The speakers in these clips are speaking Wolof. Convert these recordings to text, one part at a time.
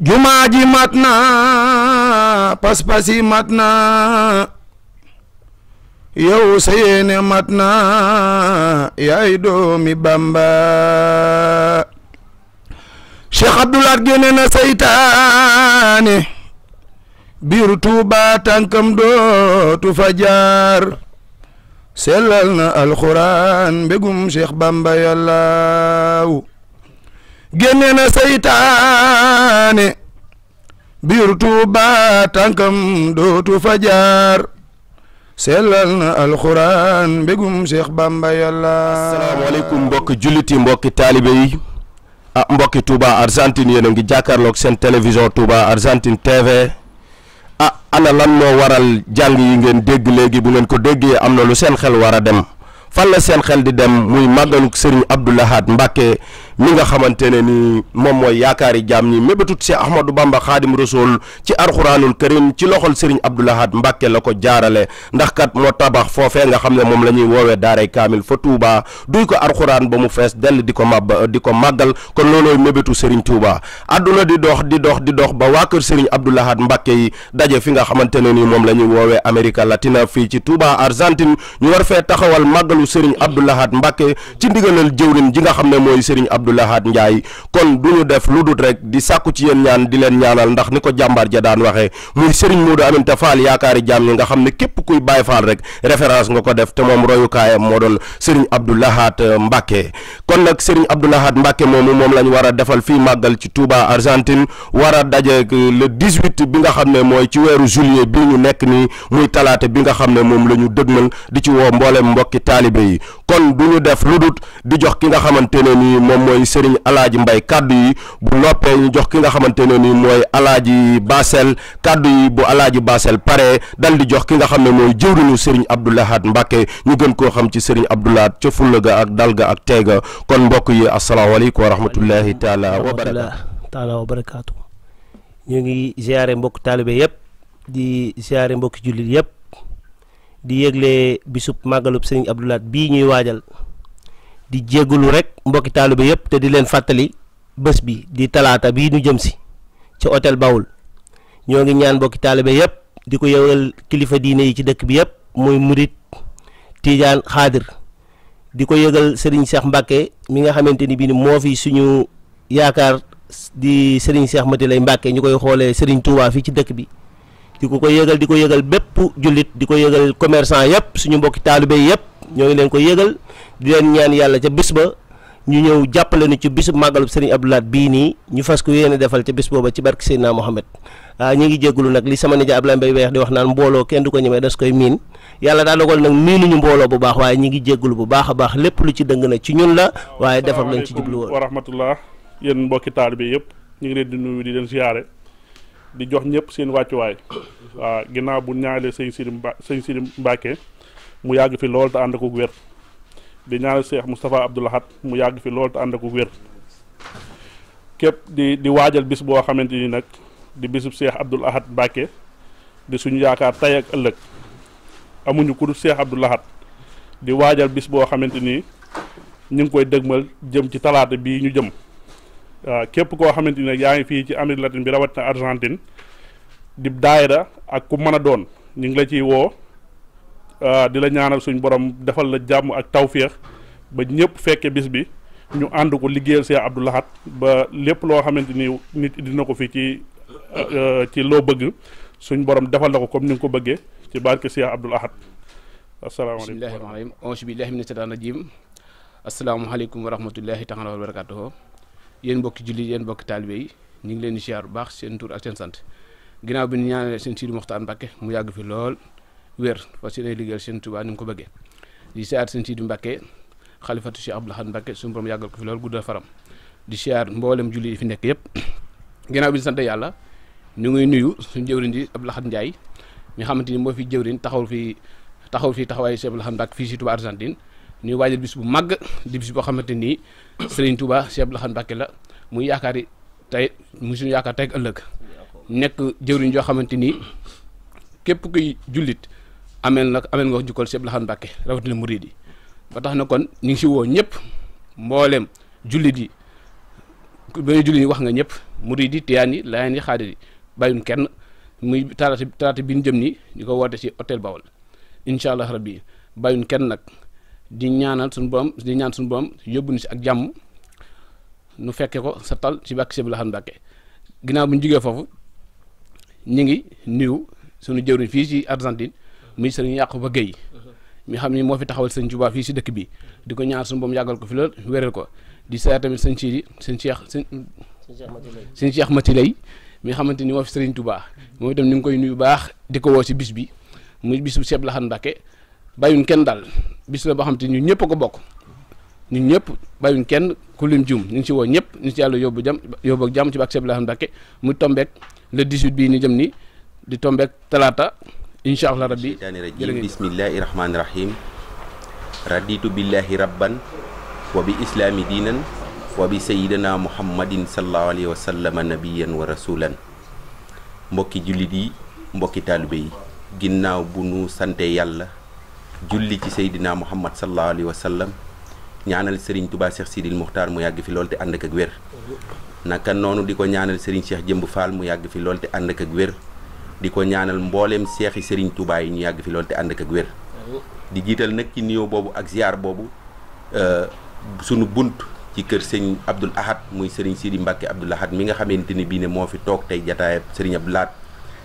jumaa ji mat na pas-pas yi mat na yow sa yéene mat na yaay doomi Bamba Cheikh Abdoulaat génne seytaane biir Tuuba dootu fa jaar sellal na alxuraan mbégum Bamba yàllaaw génne seytaane biir Tuuba tànkam dootu fa jaar sellal na alxuraan mbégum Cheikh Bamba yàlla asalaamaaleykum mbokki julliti mbokki taalibe yi ah mbokki Touba Argentine yéen a ngi jàkkaarloog seen télévision Touba Argentine TV ah ana lan moo waral jàng yi ngeen dégg léegi bu ngeen ko déggee am na lu seen xel war a dem fan la seen xel di dem muy màggaluk Serigne Abdoul Ahad Mbacké mi nga xamante ne ni moom mooy yaakaari jaam ñi mébétu si Ahmadou Bamba Xaadim Rasul ci alxuraanul karim ci loxol Serigne Abdoul Ahad la ko jaarale ndax kat moo tabax foofe nga xam ne moom la ñuy woowee daaray kaamil fa Touba duy ko alxuraan ba mu fees dell di ko màbb di ko màggal kon loolooy mébétu Serigne Touba adduna di dox di dox di dox ba waa kër Serigne Abdoul Ahad Mbàkke yi daje fi nga xamante ne ni moom la ñuy woowee Amérique latine fii ci Touba Argentine ñu war taxawal màggalu Serigne Abdoul Ahad Mbàkke ci ndigalal jëwrin ji nga xam ne mooy Serigne Abdoul Abdoulahat Ndiaye kon du ñu def lu dut rek di sàkku ci yéen ñaan di leen ñaanal ndax ni ko jàmbaar ja daan waxee muy Serigne Modou Aminta Fall yaakaari jàmm ñi nga xam ne képp kuy Baye Fall rek référence nga ko def te moom royukaayam moo doon Serigne Abdoulahat Mbacke kon nag Serigne Abdoulahat Mbacke moomu moom la ñu war a defal fii màggal ci tuuba Argentine war a daje le 18 bi nga xam ne mooy ci weeru juillet bi ñu nekk nii muy talaata bi nga xam ne moom la ñu dëgmal di ci woo mboolem mbokki taalibe yi moom mooy Serigne Alaaji Mbay kàddu bu noppee ñu jox ki nga xamante ne nii mooy Alaaji Basel kàddu yi bu Alaaji Basel pare dal di jox ki nga xam ne mooy jëwriñu Serigne Abdou Lahad Mbacke gën koo xam ci sëriñ Abdou Lahad ca fulla ga ak dal ga ak teega kon mbokk yi asalaamaaleykum wa rahmatullahi taala wa taala ñu ngi ziare mbokk taalibe yëpp di ziare mbokki jullit yëpp di yëgle bisub màggalub Serigne Abdou Lahad bii ñuy waajal di jégalu rek mbokki taalibe yëpp te di leen fàttali bés bi di talaata bii ñu jëm si ci otel Bawul ñoo ngi ñaan mbokki taalibe yëpp di ko yëgal kilifa diine yi ci dëkk bi yëpp muy murit tiijaan xaadir di ko yëgal Serigne Cheikh Mbacke mi nga xamante ni bii moo fi suñu yaakaar di Serigne Cheikh Mati lay Mbacke ñu koy xoolee Serigne Touba fii ci dëkk bi di ko ko yëgal di ko yëgal bépp jullit di ko yëgal commerçant yëpp suñu mbokki taalibe yëpp ñoo ngi leen ko yëgal. di leen ñaan yàlla ca bis ba ñu ñëw jàppale nu ci bisu màggalub sëriñ Abdou Lahad bii nii ñu fas ko yéene defal ca bis booba ci barke Seydina Mohamed ah ñu ngi jégalu nag li sama nijaay Ablaye Mbaye weex di wax naan mbooloo kenn du ko ñemee das koy miin yàlla daa dogal nag miinuñu mbooloo bu baax waaye ñu ngi jégalu bu baax a baax lépp lu ci dëng na ci ñun la waaye defar lañ ci jublu woon wa rahmatullah yéen mbokki taalibe yëpp ñu leen di nuyu di leen siyaare di jox ñëpp seen wàccuwaay waaw ah, ginnaaw bu ñaanale sëñ Sidi Mba sëñ Sidi Mbacke mu yàgg fi lool ànd ko wér di ñaanal Cheikh Moustapha Abdou Lahad mu yàgg fi lool te ànd ak wér képp di di waajal bis boo xamante ni nag di bisub Cheikh Abdou Lahad Mbacke di suñu yaakaar tey ak ëllëg amuñu ku dul Cheikh Abdou di waajal bis boo xamante ni ñu ngi koy dëgmal jëm ci talaata bi ñu jëm waaw képp koo xamante ni nag yaa ngi fii ci Amérique latine bi rawatina Argentine di daayira ak ku mën a doon ñu ngi la ciy woo. Euh, di la ñaanal suñ borom defal la jàmm ak tawféex ba ñëpp fekkee bis bi ñu ànd ko liggéeyal Cheikh Abdou Lahad ba lépp loo xamante ni nit dina ko fi ci euh, ci loo bëgg suñ borom defal la ko comme ni nga ko bëggee ci barke Cheikh Abdou Lahad asalaamaaleykum bismillahi rahmaani rahim auzu billahi mina shaytaani rajim asalaamaaleykum wa rahmatullahi taala wa barakatuhu yéen mbokki julli yéen mbokki taalibe yi ñu ngi leen di ziar bu baax seen tur ak seen sant ginnaaw bi ñu ñaanale seen Sidi Moxtaar Mbàkke mu yàgg fi lool wér fas yéene liggéeyal seen Tuubaa ni mu ko bëggee di siyaar seen Sidi Mbàkke xalifatu Cheikh Abdoul Ahad Mbàkke suñu borom yàggal ko fi loolu guddal faram di siyaar mboolem julli yi fi nekk yëpp ginnaaw bi ñu sant yàlla ñu ngi nuyu suñu jëwriñ di ab Ahad Ndiaye mi xamante ni moo fi jëwriñ taxawul fi taxawul fi taxawaayu Cheikh Abdoul Ahad Mbàkke fii si Tuubaa Argentine ñuy waajal bis bu màgg di bis boo xamante nii Serigne Touba Cheikh Abdoul Ahad Mbàkke la muy yaakaar yi tey mu suñu yaakaar tey ak joo xamante nii ameel nag ameel nga ko jukkal Cheikh Abdou Lahad Mbacké rawatina murid yi ba tax na kon ñu ngi si woo ñëpp mbooleem jullit yi ba ñu jullit yi wax nga ñëpp murid yi tiyaan yi laayeen yi xaadir yi kenn muy talaata talaata bi ñu jëm nii ñu ko woote si otel Bawol incha allah rabbi bàyyun kenn nag di ñaanal suñu borom di ñaan suñu borom yóbbu ni si ak jàmm nu fekke ko sa tal si bàkk Cheikh Abdou Lahad ginnaaw bu ñu jógee foofu ñu ngi nuyu suñu jëwriñ fii ci Argentine muy sëriñ Yaquba Guèye mi xam ni moo fi taxawal sëñ Tuubaa fii si dëkk bi di ko ñaar suñu boom yàggal ko fi lool wéral ko di seet tamit sëñ Sidi sëñ Cheikh sëñ sëñ Cheikh Mati Lay ni moo fi sëriñ Tuubaa moom itam ni ngi koy nuyu ko bi muy bis bu Seex Laxan Mbàkke bàyyuñ kenn daal bis la boo xam te ñun ñëpp a ko bokk ñun ñëpp bàyyuñ kenn ku lim ñu si woo ñëpp ñu ngi si yàlla yóbbu jam yóbbu ak jàmm ci bak Seex Laxan Mbàkke mu tombeek le 18 bii ni jëm ni di tombeek talaata incha allah rabbi sheytaani rajim bismillahi rahmaani rahim raditu billahi rabban wa bi islaami diinan wa bi sayidina muhammadin sallallahu alayhi wa sallama nabiyan wa rasulan mbokki jullit yi mbokki taalibe yi ginnaaw bu nu sante yàlla julli ci sayidina muhammad sallallahu alayhi wa sallam ñaanal sëriñ tubaa seex sidil muxtaar mu yàgg fi lool te ànd ak ak wér naka noonu di ko ñaanal sëriñ seex jëmb faal mu yàgg fi lool te ànd ak ak wér di ko ñaanal mbooleem seexi Serigne Touba yi ñu yàgg fi lool te ànd ak ak wér. di jiital nag ci nuyoo boobu ak ziar boobu euh, sunu bunt ci kër sëñ Abdoul Ahad muy Serigne Sidi Mbacke Abdoul Ahad mi nga xamante ni bii ne moo fi toog tey jataayam Serigne Abdoul Ahad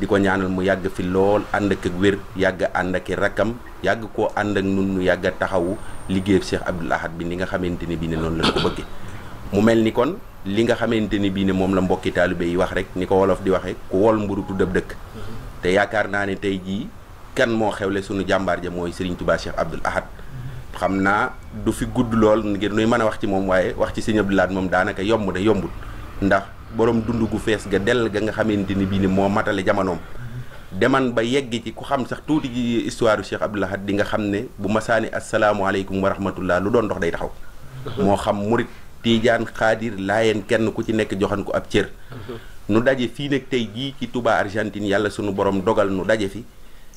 di ko ñaanal mu yàgg fi lool ànd ak wér yàgg ànd ak rakkam yàgg ko ànd ak nun nu yàgg a taxawu liggéeyub Cheikh Abdoul Ahad bi ni nga xamante ni bii ne noonu lañ ko bëggee mu mel ni kon. li nga xamante ni bii ne moom la mbokki taalibe yi wax rek ni ko wolof di waxee ku wol mburu tuddab dëkk mhm. te yaakaar naa ne tey jii kan moo xewle sunu jàmbaar ja mooy Serigne Touba Cheikh Abdoul Ahad mhm. xam naa du fi gudd lool ngir nuy mën a wax ci moom waaye wax ci Serigne Abdoul Ahad moom daanaka yomb na yombul ndax borom dund gu fees ga dell ga nga xamante ni bii ne moo matale jamonoom mhm. deman ba yegg ci ku xam sax tuuti ji histoire Cheikh Abdoul Ahad di nga xam ne bu masaani asalaamualeykum wa rahmatullah lu doon ndox day taxaw moo xam murit tiijaan xaadir laayeen kenn ku ci nekk joxan ko ab cër nu daje fii nag tey jii ci Touba Argentine yàlla sunu borom dogal nu daje fi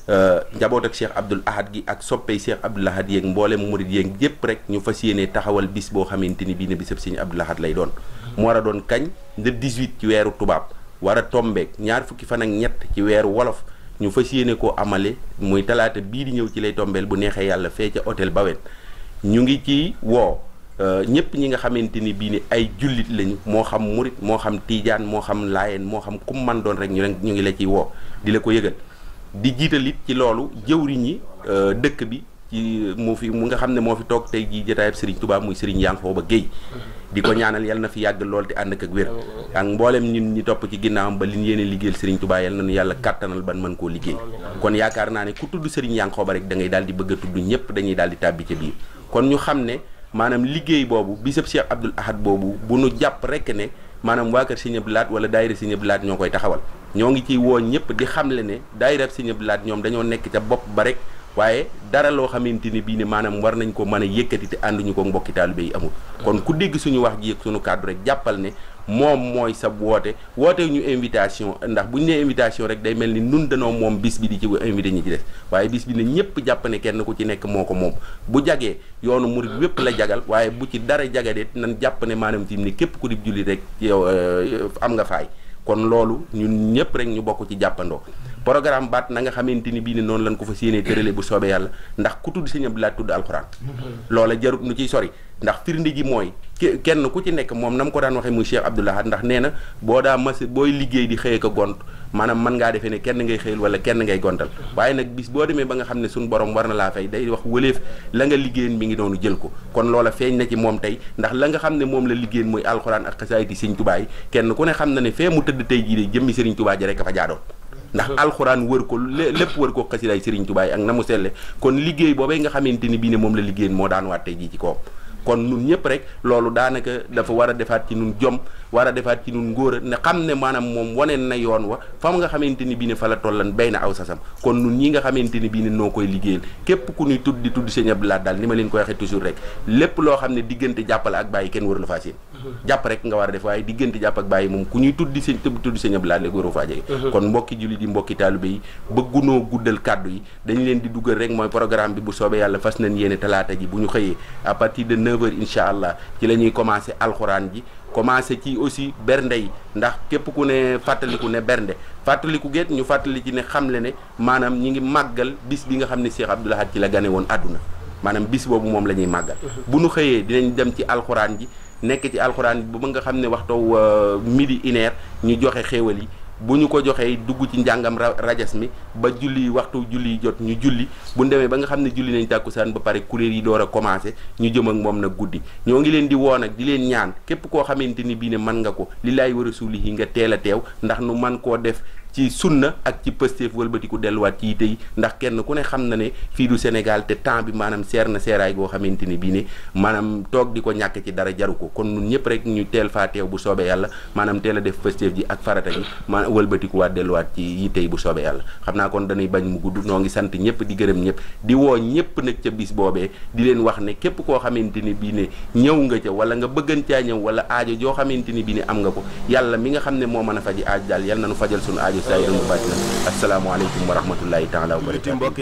euh, njaboot ak Cheikh Abdoul Ahad gi ak soppey Cheikh Abdoul Ahad mboole mu murid yeeg yëpp rek ñu fas yéene taxawal bis boo xamante ni bii ne bisab Sëñ Abdoul Ahad lay doon mu war doon kañ le 18 ci weeru tubaab war a tombeeg ñaar fukki fan ak ñett ci weeru wolof ñu fas yéene koo amale muy talaata bii di ñëw ci lay tombeel bu neexee yàlla fee ca hôtel Bawen ñu ngi ci woo Euh, ñëpp ñi nga xamante ni bii ni ay jullit lañu moo xam murit moo xam tiijaan moo xam laayeen moo xam kum man doon rek ñu ñu ngi la ciy woo di la ko yëgal di jiital it ci loolu jëwriñ yi euh, dëkk bi ci mu fi mu nga xam ne moo fi toog tey jii jotaayab tubaa Touba muy Serigne Yankhoba Guèye di ko ñaanal yal na fi yàgg lool te ànd ak ak wér ak mboolem ñun ñu topp ci ginnaawam ba li ñu yéene liggéeyal Serigne Touba yal nañu yàlla kattanal ban mën koo liggéey kon yaakaar naa ne ku tudd Serigne Yankhoba rek da ngay daal di bëgg ñëpp dañuy daal di tàbbi ca biir maanaam liggéey boobu bisab Cheikh Abdoul Ahad boobu bu nu jàpp rek ne maanaam waa kër Sëñ Abdou laat wala daayira Sëñ Abdou Lahad ñoo koy taxawal ñoo ngi ciy woo ñëpp di xamle ne daayira Sëñ Abdou laat ñoom dañoo nekk ca bopp ba rek waaye dara loo xamante ne bii ne maanaam war nañ ko mën a yëkkati te ànduñu ko mbokki taalibe amul mm-hmm. kon ku dégg suñu wax ji ak suñu kàddu rek jàppal ne moom mooy sa woote woote ñu invitation ndax bu ñu nee invitation rek day mel ni nun danoo moom bis bi di ci invité ñi ci des waaye bis bi ne ñëpp jàpp kenn ku ci nekk moo ko moom bu jagee yoonu murit wépp la jagal waaye bu ci dara jagadee nan jàpp ne maanaam tim ni képp ku di julli rek yow euh, am nga faay kon loolu ñun ñëpp rek ñu bokk ci jàppandoo programme baat na nga xamante ni bii ne noonu lañ ko fa séenee tërale bu soobee yàlla ndax ku tudd sëñ Abdou Lahad tudd alxuraan loola jarut nu ciy sori ndax firnde ji mooy kenn ku ci nekk moom na ko daan waxee muy Cheikh Abdou ndax nee na boo daa mas booy liggéey di xëy ak maanaam mën ngaa defee ne kenn ngay xëyal wala kenn ngay gontal waaye nag bis boo demee ba nga xam ne suñu borom war na laa fay day wax wëleef la mi ngi doonu jël ko kon loola feeñ na moom tey ndax la nga xam ne moom la liggéeyan muy alxuraan ak xasaayiti sëñ Tubaa yi kenn ku ne xam na ne fee mu tëdd tey jii de jëmmi sëriñ Tubaa ji rek a fa jaadoon ndax alxuraan war ko lépp wër ko xasidaay Serigne Touba ak na mu selle kon liggéey boobee nga xamante ni bii ne moom la liggéeyan moo daan waat tey jii ci kawam kon nun ñëpp rek loolu daanaka dafa war a defaat ci nun jom war a defaat ci nun ngóor a ne xam ne maanaam moom waneen na yoon wa fam nga xamante ni bii ne fa la tollan bay na aw sasam kon nun ñi nga xamante ni bii ne noo koy liggéeyal képp ku nuy tudd di tudd Serigne Abdou Lahad daal ni ma leen koy waxee toujours rek loo xam ne diggante jàppale ak bàyyi kenn la faa seen jàpp rek nga war a def waaye diggante jàpp ak bàyyi moom ku ñuy tuddi seen tudd seen ab laaj léegi waroo faa jege kon mbokki jullit yi mbokki taalibe yi bëggunoo guddal kàddu yi dañu leen di duggal rek mooy programme bi bu soobee yàlla fas nañ yéene talaata ji bu ñu xëyee à partir de 9h allah ci la ñuy commencé alxuraan ji commencé ci aussi bernde yi ndax képp ku ne fàttaliku ne bernde fàttaliku géet ñu fàttali ci ne xam le ne maanaam ñi ngi màggal bis bi nga xam ne Cheikh Abdoul Ahad ci la gane woon àdduna maanaam bis boobu moom la ñuy màggal mhm. bu nu xëyee dinañ dem ci alxuraan ji nekk ci alxuraan bi ba nga xam ne waxtaw euh, midi ineer ñu joxe xéewal yi bu ñu ko joxee dugg ci njàngam rajas mi ba julli waxtu julli jot ñu julli bu ñu ba nga xam ne julli nañ tàkkusaan ba pare kuréel yi door a commencé ñu jëm ak moom nag guddi ñoo ngi leen di woo nag di leen ñaan képp koo xamante ni bii ne mën nga ko li laay war a suuli yi nga teel a teew ndax nu man koo def ci sunna ak ci Pastef wëlbatiku delluwaat ci yite yi ndax kenn ku ne xam na ne fii du Sénégal te temps bi maanaam seer na seeraay goo xamante ni bii ne maanaam toog di ko ñàkk ci dara jaru ko kon ñun ñëpp rek ñu teel faa teew bu soobee yàlla maanaam teel a def Pastef ji ak farata yi maanaam wëlbatikuwaat delluwaat ci yite bu soobee yàlla xam naa kon dañuy bañ mu gudd noo ngi sant ñëpp di gërëm ñëpp di woo ñëpp nag ca bis boobee di leen wax ne képp koo xamante ni bii ne ñëw nga ca wala nga bëggan caa ñëw wala aajo joo xamante ni bii ne am nga ko yàlla mi nga xam ne moo mën a faji aaj daal yàlla nañu fajal sunu aajo saa dund bàcc na asalaamaaleykum wa rahmatulahi taala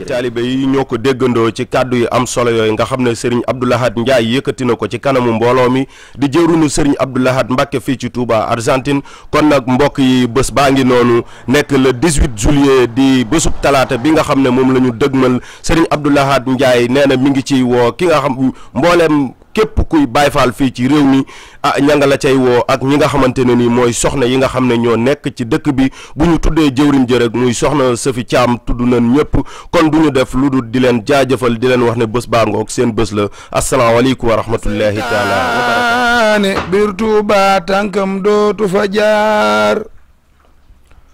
taalibe yi ñoo ko déggandoo ci kàddu yu am solo yooyu nga xam ne sëriñ Abdoulahad Ndiaye yëkkati na ko ci kanamu mbooloo mi di jëwruñu sëriñ Abdoulahad Mbacke fii ci Touba Argentine kon nag mbokk yi bés baa ngi noonu nekk le 18 juillet di bésub talaata bi nga xam ne moom la ñu dëgmal sëriñ Abdoulahad Ndiaye nee na mi ngi ciy woo ki nga xam mboolem képp kuy Baay Faal fii ci réew mi a ah, ña nga la cay woo ak ñi nga xamante ne nii mooy soxna yi nga xam ne ñoo nekk ci dëkk bi bu ñu tuddee jëwriñ jë muy soxna Safi Thiam tudd nañ ñëpp kon du ñu def lu dul di leen jaajëfal di leen wax ne bës baa ngoog seen bës la asalaamaaleykum wa rahmatullahi taala wa barakaatu biir Tuubaa tànkam dootu fa jaar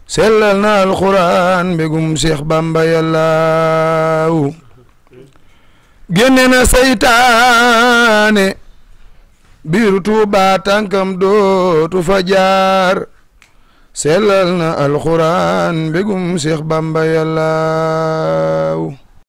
sellal na alxuraan mbégum Seex Bamba yàllaaw génne na seytaane biiru tuuba tànkam dootu fa jaar sellal na alxuraan mbégum Bamba yàllaaw